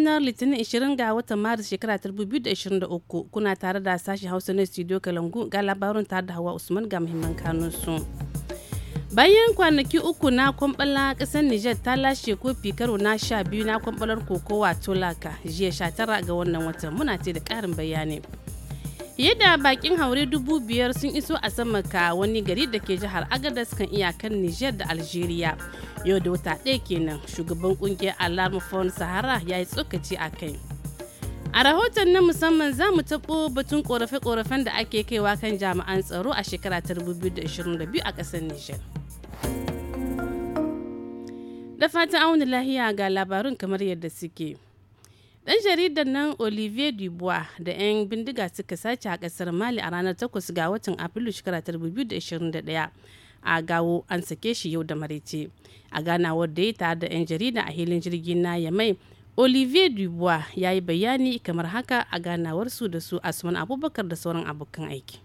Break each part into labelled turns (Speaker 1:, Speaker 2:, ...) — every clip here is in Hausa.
Speaker 1: ranar Litinin 20 ga watan Maris shekara 2023 kuna tare da sashen Hausa na Studio Kalangu ga labarin tare da Hawa Usman ga muhimman kanunsu. Bayan kwanaki uku na kwamfala kasar Nijar ta lashe kofi karo na sha biyu na kwamfalar kokowa Tolaka jiya 19 ga wannan watan muna ce da karin bayani. fiye da bakin haure dubu biyar sun iso a samaka wani gari da ke jihar agadas kan iyakar niger da algeria yau da wata ɗaya kenan shugaban kungiyar alarmufon sahara ya yi tsokaci a kai a rahoton na musamman za mu taɓo batun ƙorafe-ƙorafen da ake kaiwa kan jami'an tsaro a shekara ta 2022 a ƙasar niger da fatan auna lahiya ga labarun kamar yadda suke Dan jaridar nan Olivier Dubois da 'yan bindiga suka sace a kasar Mali a ranar 8 ga watan Afrilu shekarar 2021 a gawo an sake shi yau da maraice. A ganawar da ya tare da 'yan jarida a hilin jirgin na Yamai, Olivier Dubois ya yi bayani kamar haka a ganawar su da su Asman Abubakar da sauran abokan aiki.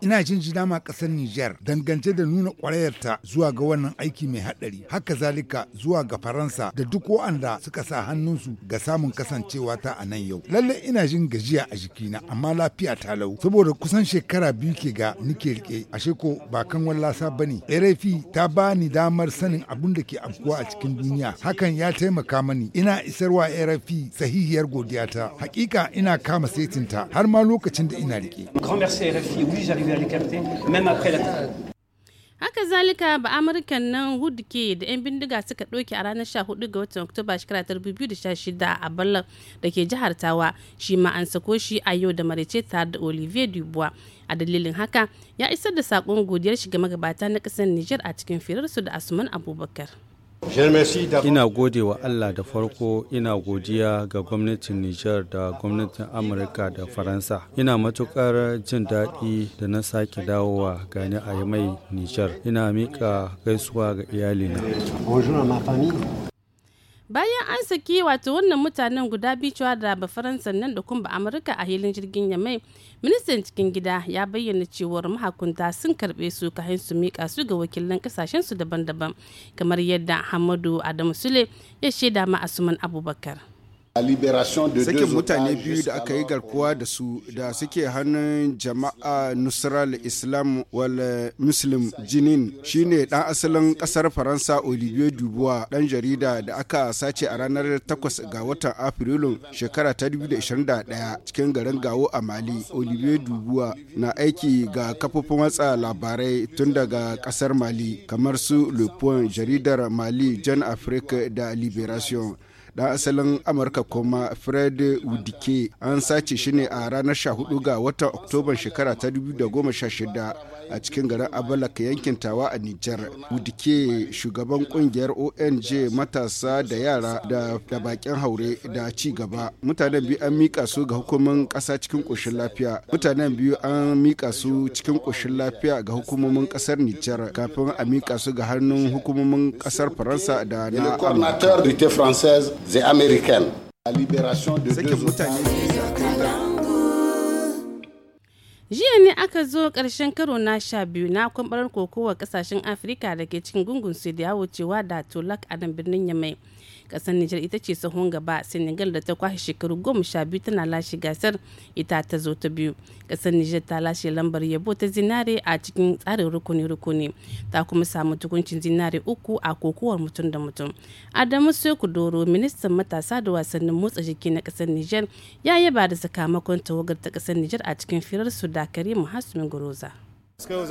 Speaker 2: Ina jin ji dama ƙasar Nijar dangance da nuna ƙwarayarta zuwa ga wannan aiki mai haɗari. Haka zalika zuwa ga Faransa da duk waɗanda suka sa hannunsu ga samun kasancewa ta a nan yau. lallai ina jin gajiya a jikina amma lafiya ta lau. Saboda kusan shekara biyu ke ga nike rike ashe ko ba kan wallasa ba ne. RFI ta ba ni damar sanin abin da ke afkuwa a cikin duniya. Hakan ya taimaka mani. Ina isarwa RFI sahihiyar godiyata. Hakika ina kama setinta har ma lokacin da ina
Speaker 1: haka zalika ba amurkan nan hood ke da 'yan bindiga suka ɗauke a ranar 14 ga watan oktoba shekara 2016 a ballan da ke jihar tawa shi ma an sako shi a yau da maraice tare da olivier dubois a dalilin haka ya isar da sakon godiyar shi shiga magabata na ƙasar niger a cikin firarsu da asuman abubakar
Speaker 3: Ina gode wa Allah da farko ina godiya ga gwamnatin Nijar da gwamnatin Amurka da Faransa. Ina matukar jin daɗi da na sake dawowa gani a mai Nijar. Ina miƙa gaisuwa ga iyalina.
Speaker 1: bayan an saki wato wannan mutanen guda biyu cewa da ba faransa nan da kuma amurka a hilin jirgin yamai ministan cikin gida ya bayyana cewar mahakunta sun karbe su kayan su mika su ga wakilan kasashen su daban-daban kamar yadda hamadu adamu sule ya shaida ma asuman abubakar sake mutane biyu da aka
Speaker 3: yi garkuwa da su da suke hannun jama'a Nusral Islam wal eh, Muslim Jinin shine dan asalin kasar Faransa Olivier Dubois dan jarida da aka sace a ranar 8 ga watan Afrilun shekara ta 2021 cikin garin Gawo a Mali. Olivier Dubois na aiki ga kafofin watsa labarai tun daga kasar Mali kamar su Le Point jaridar Mali Jan Afrique da Liberation. dan asalin amurka kuma fred wudike an sace shi ne a ranar 14 ga watan oktoban shekara ta 2016 a cikin garin abalak yankin tawa a nijar wudike shugaban kungiyar ong matasa da yara da bakin haure da ci gaba mutanen biyu an mika su ga hukumin kasa cikin koshin lafiya mutanen biyu an mika su cikin koshin lafiya ga hukumomin kasar nijar kafin a mika su ga hannun hukumomin kasar faransa da na et american. La libération de deux
Speaker 1: jiya ne aka zo ƙarshen karo na sha biyu na kwambarar kokowar ƙasashen afirka da ke cikin gungun su da ya wucewa da tolak a nan birnin yamai kasar nijar ita ce sahun gaba senegal da ta kwashe shekaru goma sha biyu tana lashe gasar ita ta zo ta biyu kasar nijar ta lashe lambar yabo ta zinare a cikin tsarin rukuni rukuni ta kuma samu tukuncin zinare uku a kokowar mutum da mutum adamu soku doro ministan matasa da wasannin motsa jiki na kasar nijar ya yaba da sakamakon tawagar ta kasar nijar a cikin firar su da karim hasumin goroza.
Speaker 2: Kun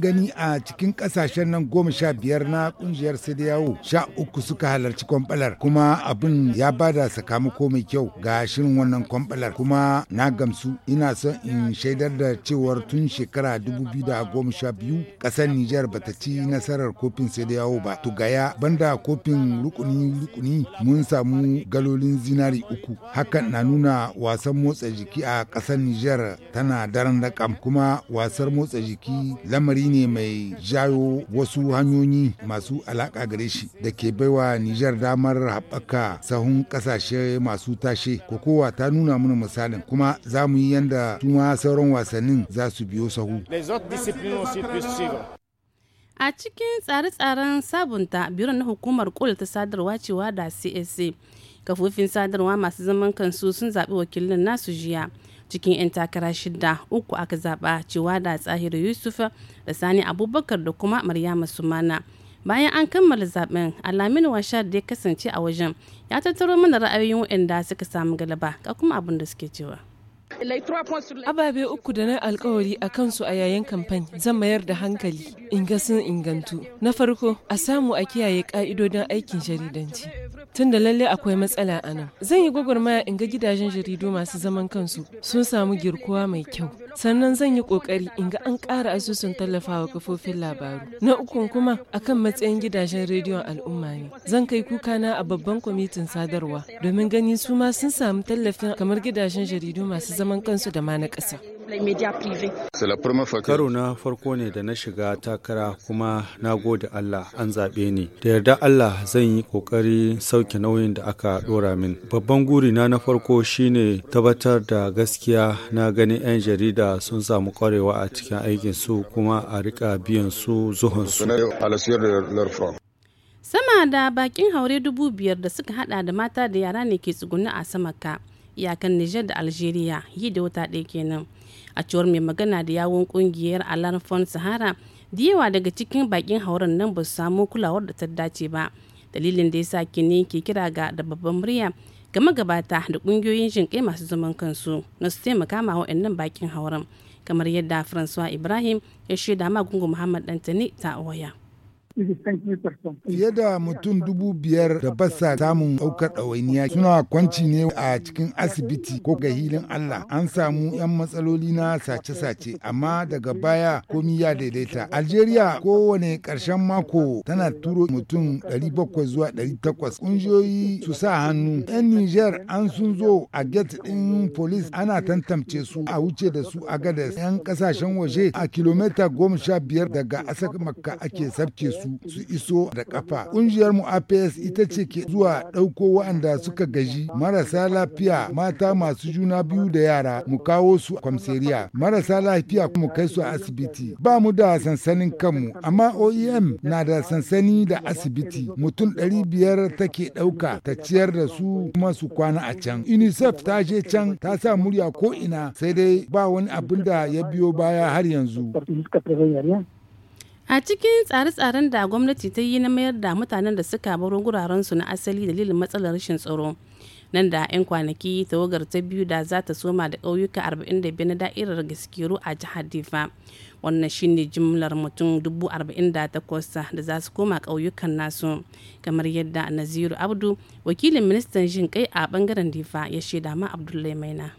Speaker 2: gani a cikin kasashen nan goma sha biyar na kungiyar Sadiyawo sha uku suka halarci kwamfalar kuma abin ya bada sakamako mai kyau ga shirin wannan kwamfalar kuma na gamsu ina son in shaidar da cewar tun shekara dubu biyu da goma sha biyu kasar Nijar ba ta ci nasarar kofin Sadiyawo ba. Tugaya banda kofin rukuni-rukuni mun samu galolin zinari uku. Hakan na nuna wasan motsa jiki a kasar Nijar tana ana daren rakam kuma wasar motsa jiki lamari ne mai jayo wasu hanyoyi masu alaƙa gare shi da ke baiwa Nijar damar haɓaka sahun ƙasashe masu tashe kokowa ta nuna mana misalin kuma za mu yi yanda tuma sauran wasannin za su biyo sahu.
Speaker 1: a cikin tsare-tsaren sabunta biro na hukumar kula ta sadarwa cewa da csa kafofin sadarwa masu zaman kansu sun zaɓi wakilin nasu jiya cikin 'yan takara shida uku aka zaba cewa da tsahiru yusuf da sani abubakar da kuma maryama sumana bayan an kammala zaben alamin washa da ya kasance a wajen ya tattaro mana ra'ayoyin waɗanda suka samu galaba ga kuma abin da suke cewa
Speaker 3: Ababe uku da na alkawari a kansu a yayin kamfani zan mayar da hankali in ga sun ingantu. Na farko, a samu a kiyaye ka'idodin aikin jaridanci. Tun da lalle akwai matsala a nan. Zan yi gwagwarmaya in ga gidajen jaridu masu zaman kansu sun samu girkuwa mai kyau. Sannan zan yi kokari in ga an ƙara asusun tallafawa kafofin labaru. Na ukun kuma akan matsayin gidajen rediyon al'umma ne. Zan kai kukana a babban kwamitin sadarwa domin gani su ma sun samu tallafin kamar gidajen jaridu masu zaman kansu da ma na ƙasa. Karo na farko ne da na shiga takara kuma na gode Allah an zaɓe ni. Da yarda Allah zan yi ƙoƙari sauke nauyin da aka ɗora min. Babban gurina na farko shine tabbatar da gaskiya na gani 'yan jarida sun samu ƙwarewa a cikin aikin su kuma a riƙa biyan su su.
Speaker 1: Sama da bakin haure dubu biyar da suka hada da mata da yara ne ke tsugunni a samaka. iyakan Nijar da Algeria yi da wata ɗaya kenan. A cewar mai magana da yawon kungiyar Alarm Sahara, da yawa daga cikin bakin hauren nan ba su samu kulawar da ta dace ba. Dalilin da ya sa kini ke kira ga da babban murya game gabata da kungiyoyin jin kai masu zaman kansu na su taimaka ma waɗannan bakin hauren kamar yadda Francois Ibrahim ya shaida ma gungun Muhammad Dantani ta waya.
Speaker 2: Fiye da mutum dubu biyar da basa samun ɗaukar ɗawainiya suna kwanci ne a cikin asibiti ko ga hilin Allah. An samu 'yan matsaloli na sace-sace amma daga baya komi ya daidaita. Algeria kowane karshen mako tana turo mutum 700 zuwa 800 ƙungiyoyi su sa hannu. 'Yan Niger an sun zo a get ɗin polis ana tantance su a wuce da su a gadas 'yan ƙasashen waje a kilomita goma sha biyar daga asak makka ake sabke su su su iso da kafa. Kungiyar mu APS ita ce ke zuwa ɗauko waɗanda suka gaji marasa lafiya mata masu juna biyu da yara mu kawo su kwamseriya marasa lafiya mu kai su a asibiti. Ba mu da sansanin kanmu amma OEM na da sansani da asibiti mutum ɗari biyar take ɗauka ta ciyar da su kuma su kwana a can. UNICEF ta je can ta sa murya ko ina sai dai ba wani abin da ya biyo baya har yanzu.
Speaker 1: a cikin tsare-tsaren da gwamnati ta yi na mayar da mutanen da suka baro gurarensu na asali dalilin matsalar rashin tsaro nan da 'yan kwanaki tawagar ta biyu da za ta soma da ƙauyuka 45 na da'irar gaskiru a jihar difa wannan shine jimlar mutum 48 da za su koma ƙauyukan nasu kamar yadda naziru abdu wakilin ministan jin kai a bangaren difa ya shaida ma abdullahi maina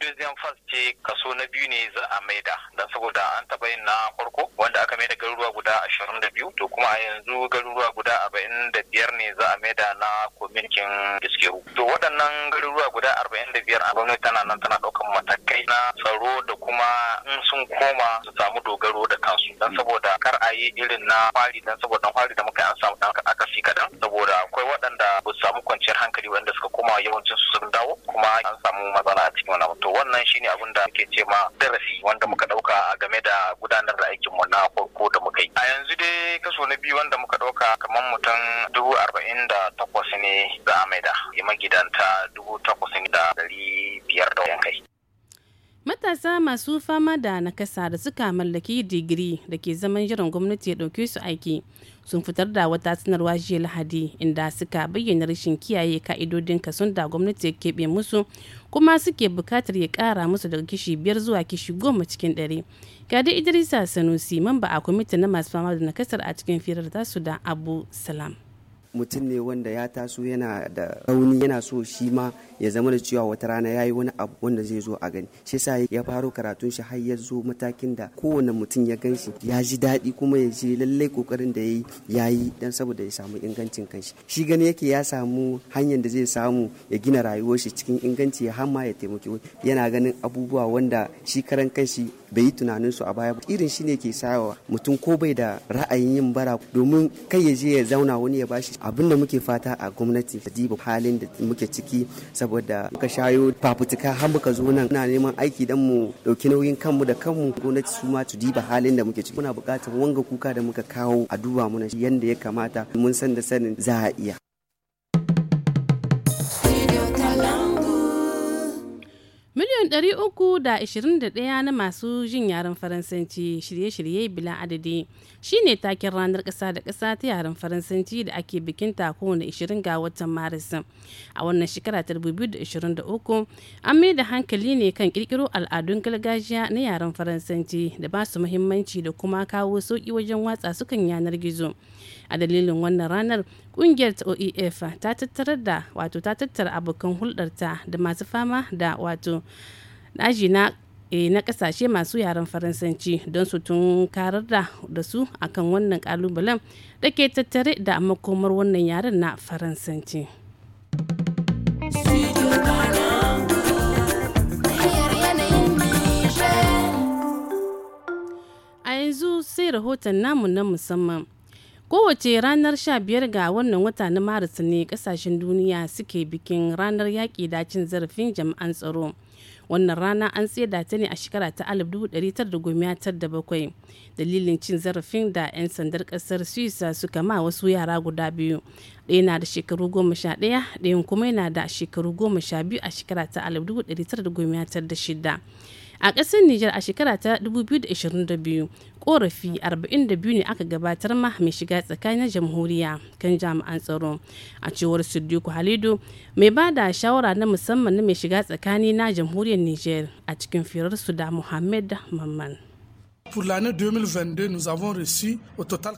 Speaker 1: deuxième phase ce kaso na biyu ne za a maida don saboda an taɓa yin na farko wanda aka maida garuruwa guda ashirin da biyu to kuma a yanzu garuruwa
Speaker 4: guda arba'in da biyar ne za a maida na kwamitin giskeru to waɗannan garuruwa guda arba'in da biyar a gwamnati tana nan tana ɗaukan matakai na tsaro da kuma in sun koma su samu dogaro da kansu dan saboda kar a yi irin na kwari dan saboda dan kwari da muka an samu dan fi kadan saboda akwai waɗanda ba su samu kwanciyar hankali wanda suka koma yawancin su sun dawo kuma an samu matsala a cikin wannan to wannan shine abin da ke ce ma darasi wanda muka dauka a game da gudanar da aikin mu na farko da muka yi a yanzu dai kaso na biyu wanda muka dauka kamar mutum dubu arba'in da takwas ne za a maida magidanta dubu takwas ne da dari biyar da yankai
Speaker 1: matasa masu fama da nakasa da suka mallaki digiri da ke zaman jiran gwamnati ya ɗauke su aiki sun fitar da wata sanarwa jiya lahadi inda suka bayyana rashin kiyaye ka'idodin kason da gwamnati ya keɓe musu kuma suke buƙatar ya ƙara musu daga kishi biyar zuwa kishi goma cikin ɗari gadi idrisa sanusi mamba a kwamitin na masu fama da nakasar a cikin firar tasu da abu salam
Speaker 3: mutum ne wanda ya taso yana da rauni yana so shi ma ya zama da cewa wata rana ya yi wani abu wanda zai zo a gani shi yasa ya faro karatun shi har ya zo matakin da kowane mutum ya gan shi ya ji daɗi kuma ya ji lallai kokarin da ya yi ya yi dan saboda ya samu ingancin kanshi shi gani yake ya samu hanyar da zai samu ya gina rayuwar shi cikin inganci ya hama ya taimaki yana ganin abubuwa wanda shi karan kanshi bai yi tunaninsu a baya ba irin shi ne ke sawa mutum ko bai da ra'ayin yin bara domin kai ya je ya zauna wani ya bashi abin da muke fata a gwamnati da diba halin da muke ciki saboda muka shayo fafutuka har muka zo nan muna neman aiki dan mu dauki nauyin kanmu da kanmu gwamnati su ma su diba halin da muke ciki muna bukatar wanga kuka da muka kawo a duba mana yanda ya kamata mun san da sanin za a iya
Speaker 1: miliyan 321 na masu jin yaren faransanci shirye-shirye bila adadi shine takin ranar kasa da kasa ta yaren faransanci da ake bikin ta kowane 20 ga watan maris a wannan shekara ta 2023 an mai da hankali ne kan kirkiro al'adun gargajiya na yaren faransanci da ba su muhimmanci da kuma kawo sauki wajen watsa sukan yanar gizo. a dalilin wannan ranar kungiyar e ta oef ta tattara da wato ta tattara abokan hulɗarta da masu fama da wato daji na e, na kasashe masu yaren faransanci don su tunkarar da da su akan wannan kalubalen da ke tattare da makomar wannan yaren na faransanci a yanzu sai rahoton namu na musamman kowace ranar 15 ga wannan wata na maris ne kasashen duniya suke bikin ranar yaƙi da cin zarafin jami'an tsaro wannan rana an tseda ta ne a shekara ta 1997 dalilin cin zarafin da 'yan sandar kasar suisa suka ma wasu yara guda biyu ɗaya na da shekaru 11 ɗayan kuma yana da shekaru 12 a shekara ta 1996 a ƙasar Nijar a shekara ta 2022 korafi 42 ne aka gabatar ma mai shiga tsakanin jamhuriya kan jami'an tsaro a cewar siddiku halidu mai ba da shawara na musamman na mai shiga tsakani na jamhuriyar niger a cikin firar su da muhammad mamman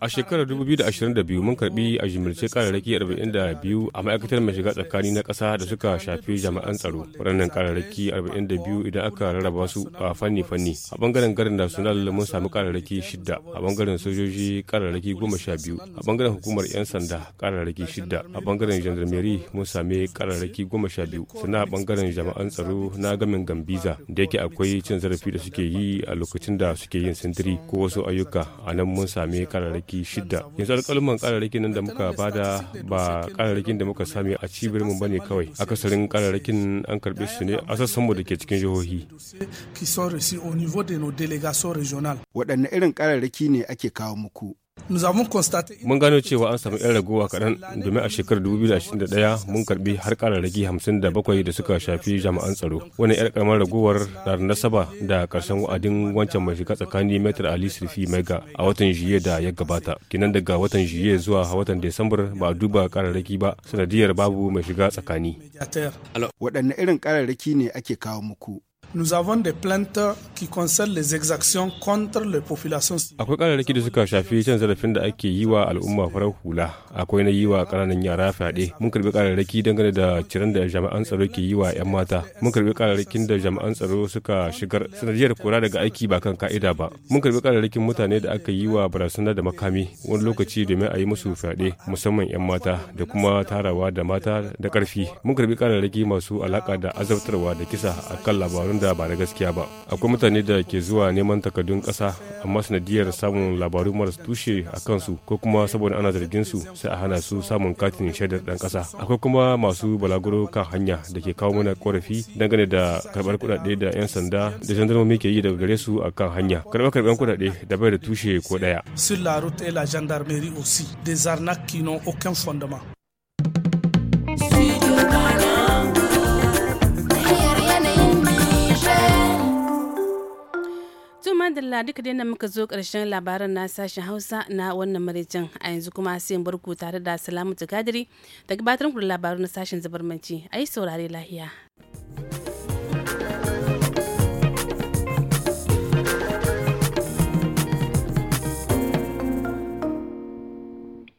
Speaker 4: A shekarar 2022 mun karbi a jimilce kararraki 42 a ma'aikatar mai shiga tsakani na ƙasa da suka shafi jami'an tsaro. Waɗannan kararraki 42 idan aka rarraba su a fanni-fanni. A bangaren garin national mun sami kararraki 6, a bangaren sojoji kararraki 12, a bangaren hukumar 'yan sanda kararraki 6, a bangaren gendarmerie mun sami kararraki 12, sannan a bangaren jami'an tsaro na gamin Gambiza da yake akwai cin zarafi da suke yi a lokacin da suke yin sintiri ko wasu ayyuka a nan mun sami kararraki shida yanzu alƙaluman kararrakin nan da muka bada ba kararrakin da muka sami a cibiyar mu bane kawai akasarin kararrakin an karɓe su ne a sassan mu da ke cikin jihohi
Speaker 3: waɗanne irin kararraki ne ake kawo muku
Speaker 4: Mun gano cewa an samu 'yan raguwa kaɗan domin a shekarar 2021 mun karbi har ƙararraki 57 da suka shafi jami'an tsaro. Wani 'yar karamar ragowar na nasaba da karshen wa'adin wancan mai shiga tsakani Metar Ali Sirfi Mega a watan Juye da ya gabata. Kinan daga watan Juye zuwa watan Desambar ba a duba ƙararraki ba sanadiyar babu mai shiga tsakani.
Speaker 3: Waɗanne irin kararraki ne ake kawo muku? nous avons des plaintes qui concernent les exactions contre les populations.
Speaker 4: Akwai kararraki da suka shafi cin zarafin da ake yi wa al'umma farar hula, akwai na yi wa ƙananan yara fyaɗe. Mun karbi kararraki dangane da ciran da jami'an tsaro ke yi wa 'yan mata. Mun karbi kararrakin da jami'an tsaro suka shigar sanadiyar kora daga aiki ba kan ka'ida ba. Mun karbi kararrakin mutane da aka yi wa barasuna da makami wani lokaci domin a yi musu fyaɗe musamman 'yan mata da kuma tarawa da mata da ƙarfi. Mun karbi kararraki masu alaƙa da azabtarwa da kisa akan labarun da ba da gaskiya ba akwai mutane da ke zuwa neman takardun ƙasa amma sanadiyar samun labaru marasa tushe a kansu ko kuma saboda ana zargin su sai a hana su samun katin shaidar dan ƙasa akwai kuma masu balaguro kan hanya da ke kawo mana korafi dangane da karbar kudade da 'yan sanda da jandarmomi ke yi daga gare su a kan hanya karɓar karɓar kudade da bai da tushe ko daya
Speaker 3: sur la route et la gendarmerie aussi des arnaques qui n'ont aucun fondement
Speaker 1: Allah duka dai muka zo karshen labaran na sashen hausa na wannan maraicin a yanzu kuma sai in barku tare da salamatu kadiri da gabatar da labaru na sashen zabarmanci a yi saurare lahiya